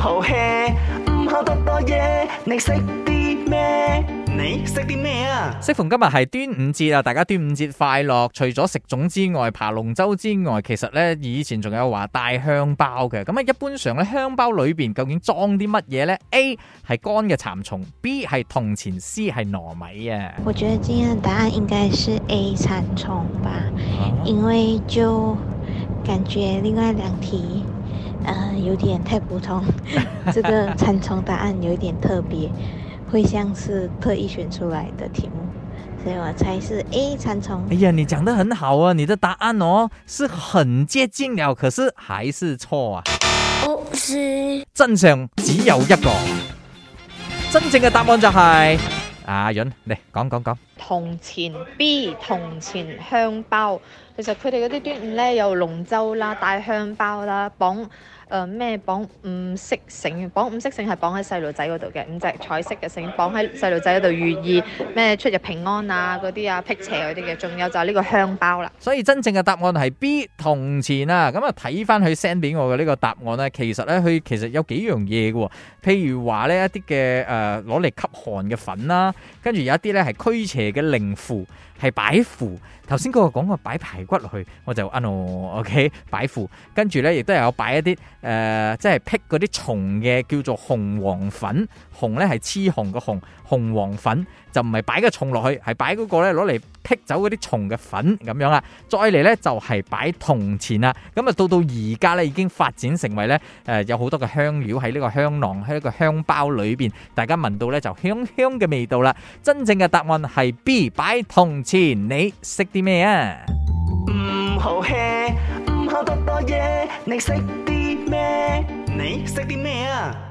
好 hea 唔、嗯、好得多嘢。你食啲咩？你食啲咩啊？適逢今日係端午節啊，大家端午節快樂！除咗食粽之外，爬龍舟之外，其實咧以前仲有話帶香包嘅。咁啊，一般上咧香包裏邊究竟裝啲乜嘢咧？A 係乾嘅蠶蟲，B 係銅錢，C 係糯米啊。我覺得今日答案應該是 A 蠶蟲吧，uh huh. 因為就感覺另外兩題。嗯、呃，有點太普通，這個蠶蟲答案有點特別，會像是特意選出來的題目，所以我猜是 A 蠶蟲。哎呀，你講得很好啊，你的答案哦，是很接近了，可是還是錯啊。哦，是。真相只有一個，真正的答案就係阿雲你講講講。講講銅錢 B 銅錢香包，其實佢哋嗰啲端午咧有龍舟啦、帶香包啦、綁誒咩綁五色繩，綁五色繩係綁喺細路仔嗰度嘅，五隻彩色嘅繩綁喺細路仔嗰度，寓意咩出入平安啊嗰啲啊辟邪嗰啲嘅，仲有就係呢個香包啦。所以真正嘅答案係 B 銅錢啊，咁啊睇翻佢 send 俾我嘅呢個答案咧，其實咧佢其實有幾樣嘢嘅、啊，譬如話呢，一啲嘅誒攞嚟吸汗嘅粉啦、啊，跟住有一啲咧係驅邪。嘅靈符係擺符，頭先嗰個講個擺排骨落去，我就啊諾，ok 擺符，跟住咧亦都有擺一啲誒、呃，即係辟嗰啲蟲嘅，叫做紅黃粉。紅咧係黐紅個紅，紅黃粉就唔係擺個蟲落去，係擺嗰個咧攞嚟。剔走嗰啲蟲嘅粉咁樣啊，再嚟，呢就係、是、擺銅錢啊，咁、嗯、啊到到而家呢已經發展成為呢，誒、呃、有好多嘅香料喺呢個香囊喺呢個香包裏邊，大家聞到呢就香香嘅味道啦。真正嘅答案係 B，擺銅錢。你識啲咩啊？唔好聽，唔好多多嘢，你識啲咩？你識啲咩啊？